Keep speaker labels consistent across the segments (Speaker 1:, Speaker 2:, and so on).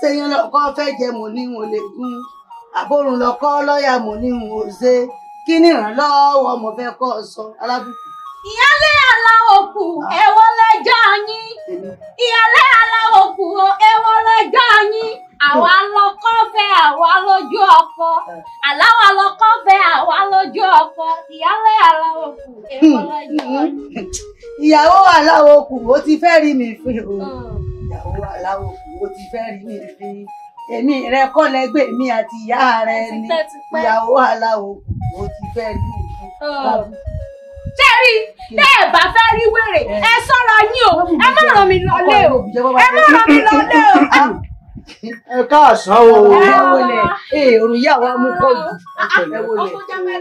Speaker 1: sẹ́yìn lọ́kọ́ fẹ́ jẹ mò ní wọn lè gún àbórun lọ́kọ́ lọ́ọ̀yà mò ní wọn ò ṣe kí ni ìrànlọ́wọ́ mo fẹ́ kọ́ ọ sọ alábùkù. ìyálé aláwòkù ah. èwo lẹjọ́ yín ìyálé aláwòkù èwo lẹjọ́ yín àwa lọkọ fẹ́ àwa lójú ọkọ ah. àláwa lọkọ fẹ́ àwa lójú ọkọ ìyálé aláwòkù èwo hmm. lẹjọ́ yín. ìyàwó aláwòkù ó ti fẹ́ rí mi fún o hmm. ìyàwó aláwòkù o ti fẹ́ rí mi fi èmi rẹ kọ́lẹ̀ gbé mi àti ìyá rẹ ni ìyàwó aláwo o ti fẹ́ rí mi fi tẹ́rí tẹ́ ẹ̀ bá fẹ́ rí wèrè ẹ sọ́ra yín o ẹ má ràn mí lọlé o ẹ má ràn mí lọlé o.
Speaker 2: ẹ káàsán o. ẹ wọlé
Speaker 1: ẹ òrùn yà wá mú kọ́ yìí ẹ wọlé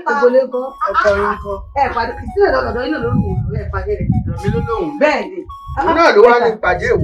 Speaker 1: ìgbòlé kọ́ ẹ̀kọ́ yín kọ́. ẹ pàdé kìsìlẹ̀ lọ́dọọdọ iná ló ń wò ó ẹ pàdé rẹ̀. èmi ló lóhùn. bẹ́ẹ̀ ni. náà ló
Speaker 2: wá ní pàdé ìwò.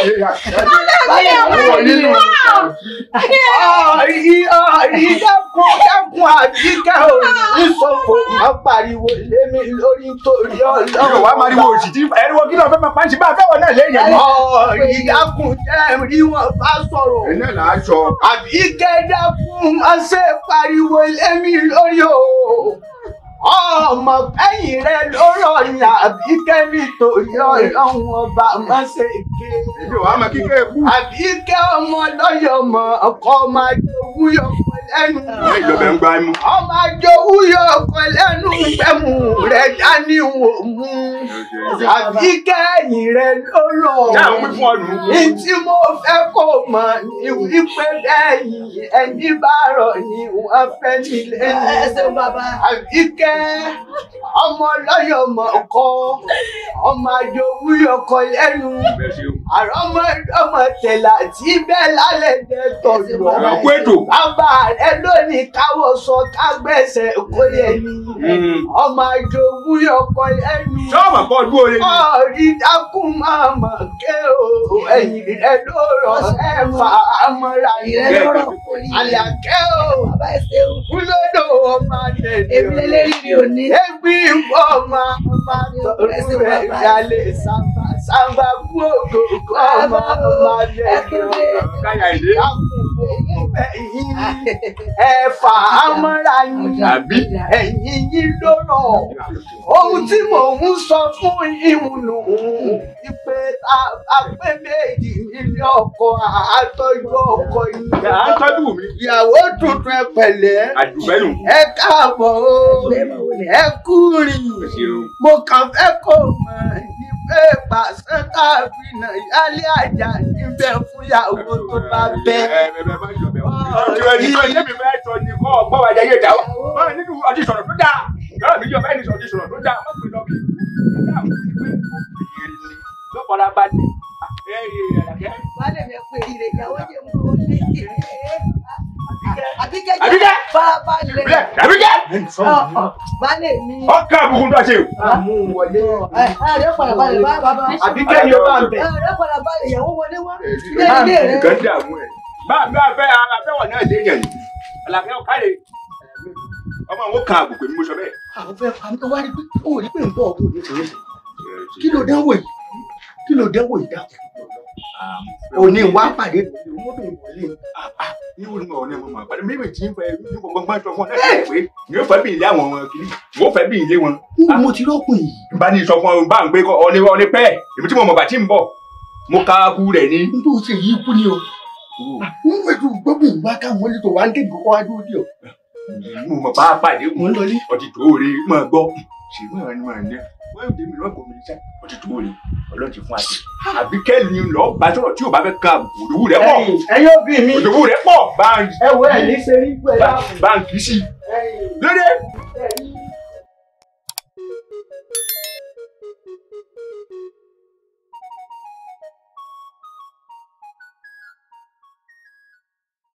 Speaker 3: Ìdákun
Speaker 1: dákun
Speaker 2: àjíká ò ní sọ̀fọ̀ má pariwo lémi lórí torí
Speaker 3: ọlọ́run. Wàá mariwo òṣìṣì ẹ̀rọ kí ló fẹ́ máa pàṣẹ bá fẹ́wọ̀n náà lẹ́yìn ẹ̀mọ́. Ìdákun
Speaker 2: jẹ́ rí wọn bá sọ̀rọ̀. Ẹ̀nà làá sọ. Àbíkẹ́ dákun má ṣe pariwo lémi lórí o ọmọ ẹ̀yìn rẹ lórí ọ̀yà àbíkẹ́ nítorí ọlọ́run ọba má ṣe ké. èmi ò wá máa kíkẹ́ ẹ̀kú. àbíkẹ́ ọmọ lọ́yọ̀mọ̀ ọkọ̀ máa jẹ́ òwúyọ̀mọ̀ lẹ́nu. ìjọba ń gbá mú. ọmọ àjọ wúyọ ọkọ lẹ́nu ìgbẹ́mú rẹ̀ dání wò mú. àbí kẹ́yìn rẹ̀ ló lọ. ìtí mo fẹ́ kó mọ̀ ní wípé bẹ́yìn ẹni bá rọ̀ ni wọ́n fẹ́ nílé ní. àbí kẹ́ ọmọ lọ́yọ̀ mọ̀ kọ́ ọmọ àjọ wúyọ ọkọ lẹ́nu àrọ́mọdọ́mọtẹ̀là tí bẹ́ẹ̀ lálẹ́ jẹ́ tọ̀yọ̀ bàbá rẹ lónìí káwọ́ sọ kágbẹ́sẹ̀ kó yẹ ni ọmọ àjogún ọkọ lẹ́nu sọ́ọ̀mà pọ̀ dúró lé ní. ọ̀rí dákú máa mọ̀ ké o ẹ̀yìn rẹ lórọ̀ ẹ̀fà àmọ́ra yẹn lórọ̀ àlàkẹ́ o kúlódò ọmọ àtẹ̀lẹ́ èmi lélẹ́rìí mi ò ní. ẹgbẹ́ ìwọ ọmọ olùwẹ̀ ìyálé sábà sábà kú ògògó ọmọ ọmọ abẹ́rẹ́ ẹ̀yin ni ẹ fà á mọ́ra yín ẹ̀yin yín lọ́rọ̀ ohun tí mò ń sọ fún ìmùnú ìpè àgbẹ̀méjì nílé ọkọ àtọ́jú ọkọ ìyá ìyàwó tuntun ẹ pẹ̀lẹ́ ẹ káàbọ̀ o ẹ kúrin mo kàn fẹ́ kó mọ̀ ṣe pàṣẹ káàbìnà yálé àjà
Speaker 3: níbẹ̀ fún ìyàwó tó bá bẹ́. ọ̀rọ̀ yìí ọ̀rọ̀ mi fẹ́ sọ ni kọ́ ọ̀pọ̀ wájà yé dà ó. báyìí nínú ọdí sọ̀rọ̀ tó dáa. ìyá mi yọ bẹ́ẹ̀ ni ọdí sọ̀rọ̀ tó dáa.
Speaker 1: Bálẹ̀ mi. Ọkà
Speaker 3: àbùkù tó a ṣe o. Àmú wọlé. Ẹ ẹ rẹ padà balẹ̀ bá bàbá. Àbíkẹ́ ni ó bá ń bẹ̀. Ẹ
Speaker 1: rẹ padà balẹ̀ ìyàwó wọlé wá. Ilé ilé rẹ. Nǹkan dààmú
Speaker 3: ẹ̀. Bá dé yẹn. Àlàfẹ́ ò káyè. Ọmọ àwọn kan àbùkù bẹ́ẹ̀. Àwọn irú ni ọ̀nà ìmọ̀ àgbàdo mímì tí ń fẹ́ ní gbọ̀ngbọ̀n sọ fún ọ náà pé ní ó fẹ́ bí ilé àwọn wọn kiri ní fẹ́ bí ilé wọn. mo ti rọ́pò yìí. n bá ní ọ bá ń èmi tí mo mọ̀ bàtí ń bọ̀ mo ka kú rẹ̀ ni.
Speaker 2: n tó ṣe yí kú ni o. Ah, n wẹ̀ tó gbọ́dọ̀ wá káwọn olè ń kéde kọ́ adó di o.
Speaker 3: mo mọ̀ bá a pàdé mu ọtí tó o rè é máa gbọ́ ṣèlú àwọn ẹni máa ń ọlọ́run ti fún àti àbí kẹ́lí lọ bá sọ̀rọ̀ tí o bá fẹ́ ka òdòwú rẹ pọ̀ ẹ̀yin òbí mi òdòwú rẹ pọ̀ báńkì ẹ wọ ẹ̀ ní sẹ́rí pẹ̀lú báńkì sí lóde.